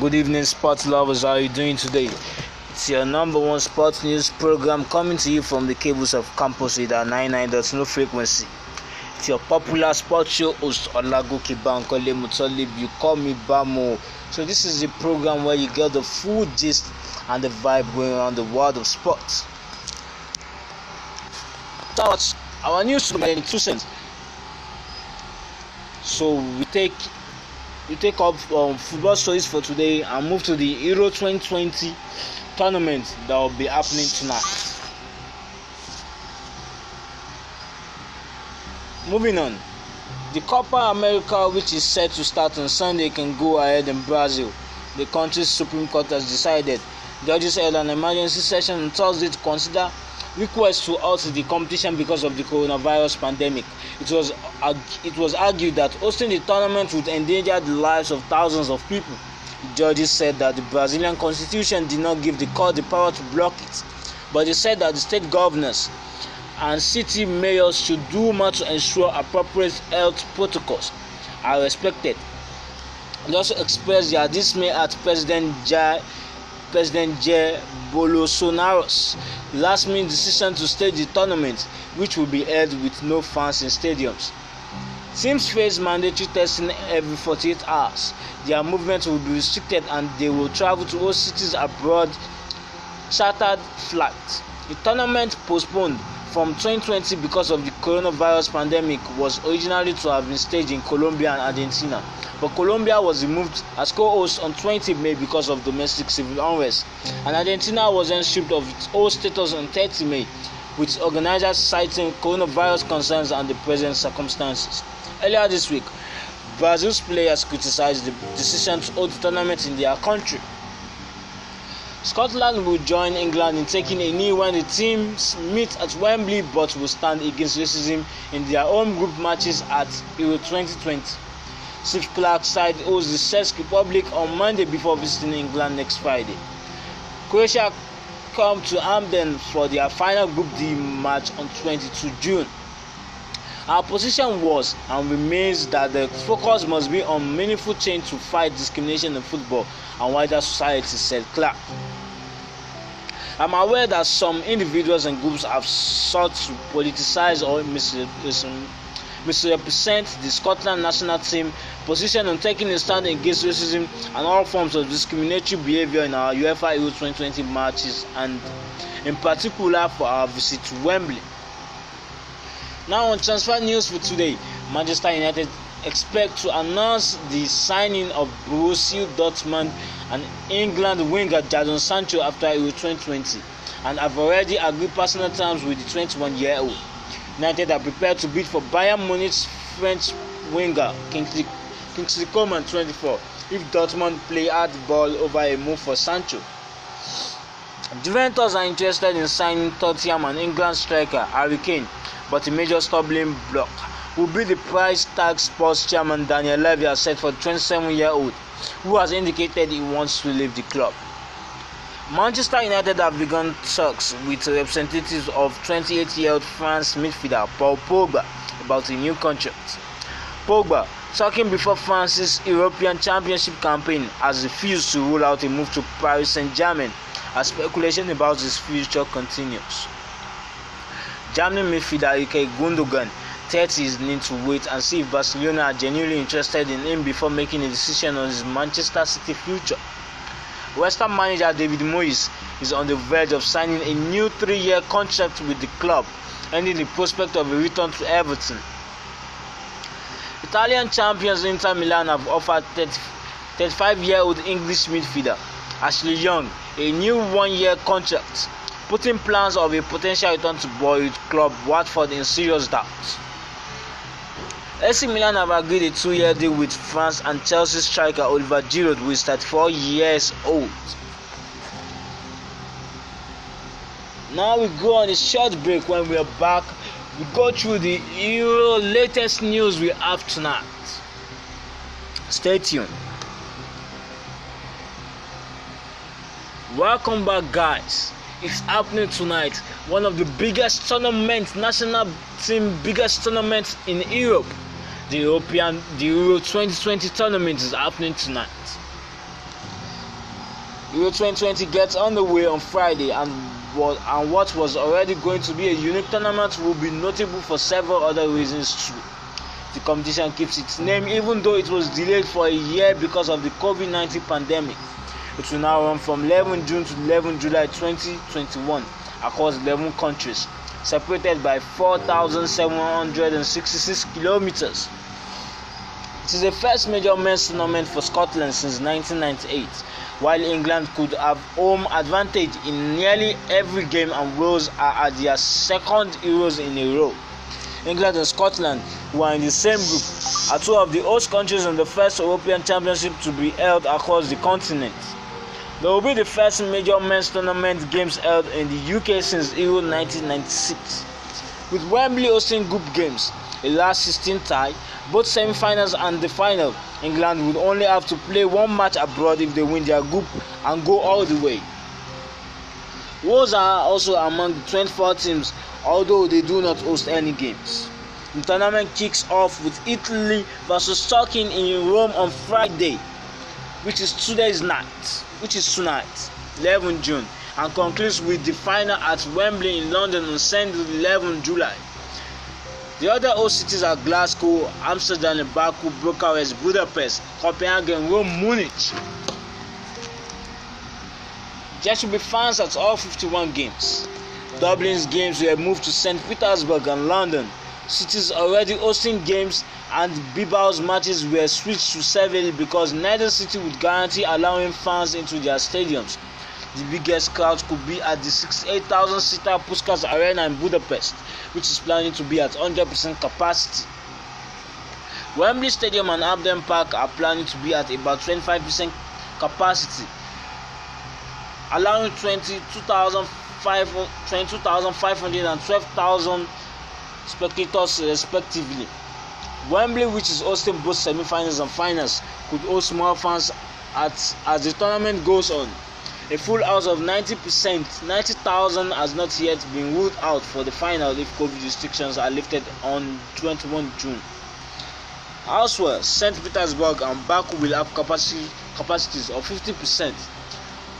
Good evening, sports lovers. How are you doing today? It's your number one sports news program coming to you from the cables of Campus with our 99.0 frequency. It's your popular sports show host Olagoke Bankole Mutolib. You call me Bamo. So this is the program where you get the full gist and the vibe going around the world of sports. Thoughts. Our news in two cents. So we take we take up um, football stories for today and move to the Euro 2020 tournament that will be happening tonight. Moving on, the Copa America, which is set to start on Sunday, can go ahead in Brazil. The country's Supreme Court has decided. Judges held an emergency session on Thursday to consider requests to halt the competition because of the coronavirus pandemic. It was, it was argued that hosting the tournament would endanger the lives of thousands of people. The judges said that the Brazilian constitution did not give the court the power to block it, but they said that the state governors and city mayors should do more to ensure appropriate health protocols are respected. They also expressed their dismay at President Jair President Jair Bolsonaro's last-minute decision to stage the tournament, which will be held with no fans in stadiums. Teams face mandatory testing every 48 hours. Their movement will be restricted and they will travel to host cities abroad chartered flights. The tournament postponed from 2020 because of the coronavirus pandemic was originally to have been staged in Colombia and Argentina, but Colombia was removed as co-host on 20 May because of domestic civil unrest, and Argentina was then stripped of its host status on 30 May, with organizers citing coronavirus concerns and the present circumstances. Earlier this week, Brazil's players criticized the decision to hold the tournament in their country. Scotland will join England in taking a knee when the teams meet at Wembley but will stand against racism in their own group matches at Euro 2020. Steve Clark's side hosts the Czech Republic on Monday before visiting England next Friday. Croatia come to Amden for their final Group D match on 22 June. Our position was and remains that the focus must be on meaningful change to fight discrimination in football and wider society, said Clark. I'm aware that some individuals and groups have sought to politicize or misrepresent the Scotland national team position on taking a stand against racism and all forms of discriminatory behaviour in our UEFA Euro 2020 matches and in particular for our visit to Wembley. Now on transfer news for today, Manchester United expect to announce the signing of Borussia Dortmund and England winger Jadon Sancho after Euro 2020 and have already agreed personal terms with the 21-year-old. United are prepared to bid for Bayern Munich's French winger Kingsley, Kingsley Coman 24 if Dortmund play hard ball over a move for Sancho. Juventus are interested in signing Tottenham and England striker Harry Kane but a major stumbling block will be the price tag sports chairman Daniel Levy has set for 27 year old, who has indicated he wants to leave the club. Manchester United have begun talks with representatives of 28 year old France midfielder Paul Pogba about a new contract. Pogba, talking before France's European Championship campaign, has refused to rule out a move to Paris Saint Germain as speculation about his future continues. Germany midfielder Ike Gundogan Tet is need to wait and see if Barcelona are genuinely interested in him before making a decision on his Manchester City future. Western manager David Moyes is on the verge of signing a new three-year contract with the club, ending the prospect of a return to Everton. Italian champions Inter Milan have offered 35-year-old English midfielder Ashley Young a new one-year contract putting plans of a potential return to Boyd club Watford in serious doubt. AC Milan have agreed a two-year deal with France and Chelsea striker Oliver Giroud, who is 34 years old. Now we go on a short break. When we are back, we go through the Euro latest news we have tonight. Stay tuned. Welcome back, guys is happening tonight. One of the biggest tournaments, national team biggest tournaments in Europe. The European the Euro 2020 tournament is happening tonight. Euro 2020 gets underway on Friday and what, and what was already going to be a unique tournament will be notable for several other reasons too. The competition keeps its name even though it was delayed for a year because of the COVID-19 pandemic. It will now run from 11 June to 11 July 2021 across 11 countries, separated by 4,766 kilometres. It is the first major men's tournament for Scotland since 1998, while England could have home advantage in nearly every game and Wales are at their second Euros in a row. England and Scotland, who are in the same group, are two of the host countries in the first European Championship to be held across the continent. There will be the first major men's tournament games held in the UK since Euro 1996, with Wembley hosting group games, a last 16 tie, both semi finals and the final. England would only have to play one match abroad if they win their group and go all the way. Wales are also among the 24 teams, although they do not host any games. The tournament kicks off with Italy versus Turkey in Rome on Friday which is today's night, which is tonight, 11 June, and concludes with the final at Wembley in London on Sunday, 11 July. The other host cities are Glasgow, Amsterdam, Baku, Bucharest, Budapest, Copenhagen, Rome, Munich. There should be fans at all 51 games. Dublin's games were moved to St. Petersburg and London cities already hosting games and Bibao's matches were switched to Seville because neither city would guarantee allowing fans into their stadiums. The biggest crowd could be at the 68,000 seater Puskas Arena in Budapest, which is planning to be at 100% capacity. Wembley Stadium and Abden Park are planning to be at about 25% capacity, allowing 22,500 and 12,000 spectators respectively. Wembley, which is hosting both semi-finals and finals, could host more fans at, as the tournament goes on. A full house of 90%, 90,000 has not yet been ruled out for the final if COVID restrictions are lifted on 21 June. Elsewhere, St. Petersburg and Baku will have capacity, capacities of 50%.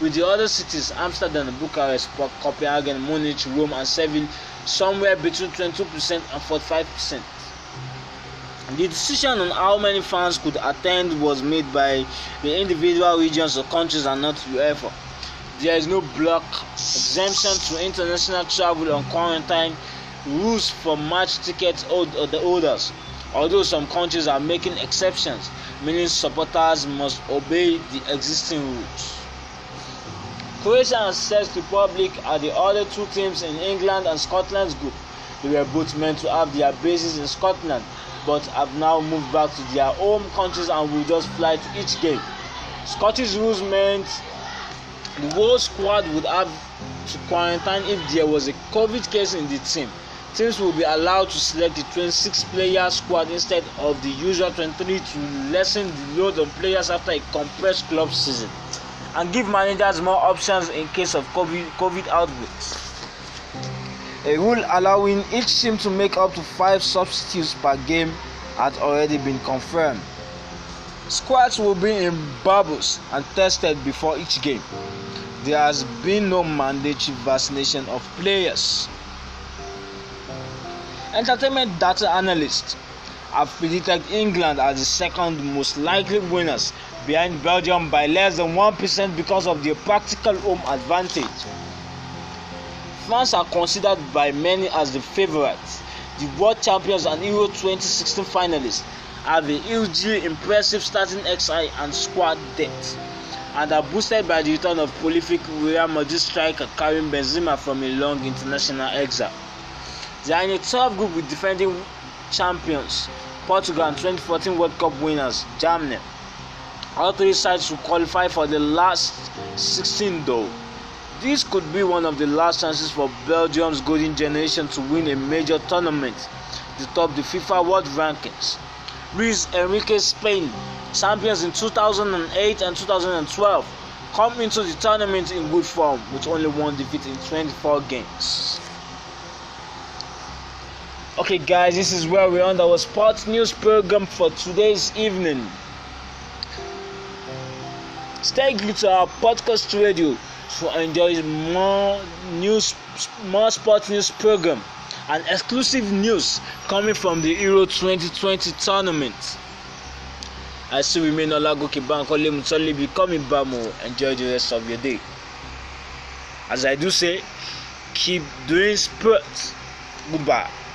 with the other cities Amsterdam, Bucharest, Copenhagen, Munich, Rome, and Seville somewhere between 22% and 45%. The decision on how many fans could attend was made by the individual regions or countries and not UEFA. There is no block exemption to international travel on quarantine rules for match ticket holders, although some countries are making exceptions, meaning supporters must obey the existing rules. Croatia and Czech Republic are the other two teams in England and Scotland's group. They were both meant to have their bases in Scotland but have now moved back to their home countries and will just fly to each game. Scottish rules meant the whole squad would have to quarantine if there was a COVID case in the team. Teams will be allowed to select the 26 player squad instead of the usual 23 to lessen the load on players after a compressed club season. and give managers more options in case of COVID, COVID outbreaks. A rule allowing each team to make up to five substitutes per game had already been confirmed. Squads will be in bubbles and tested before each game. There has been no mandatory vaccination of players. Entertainment data analysts have predicted England as the second most likely winners behind Belgium by less than 1% because of their practical home advantage. France are considered by many as the favourites. The world champions and Euro 2016 finalists have a hugely impressive starting XI and squad depth and are boosted by the return of prolific Real Madrid striker Karim Benzema from a long international exile. They are in a tough group with defending champions Portugal and 2014 World Cup winners Germany all three sides will qualify for the last 16 though. This could be one of the last chances for Belgium's golden generation to win a major tournament to top the FIFA World Rankings. Luis Enrique Spain, champions in 2008 and 2012, come into the tournament in good form with only one defeat in 24 games. Okay, guys, this is where we end our sports news program for today's evening. Stay glued to our podcast radio to enjoy more news, more sports news program, and exclusive news coming from the Euro 2020 tournament. I still remain Olagoke Bankole Mutole becoming Bamo. Enjoy the rest of your day. As I do say, keep doing sports. Goodbye.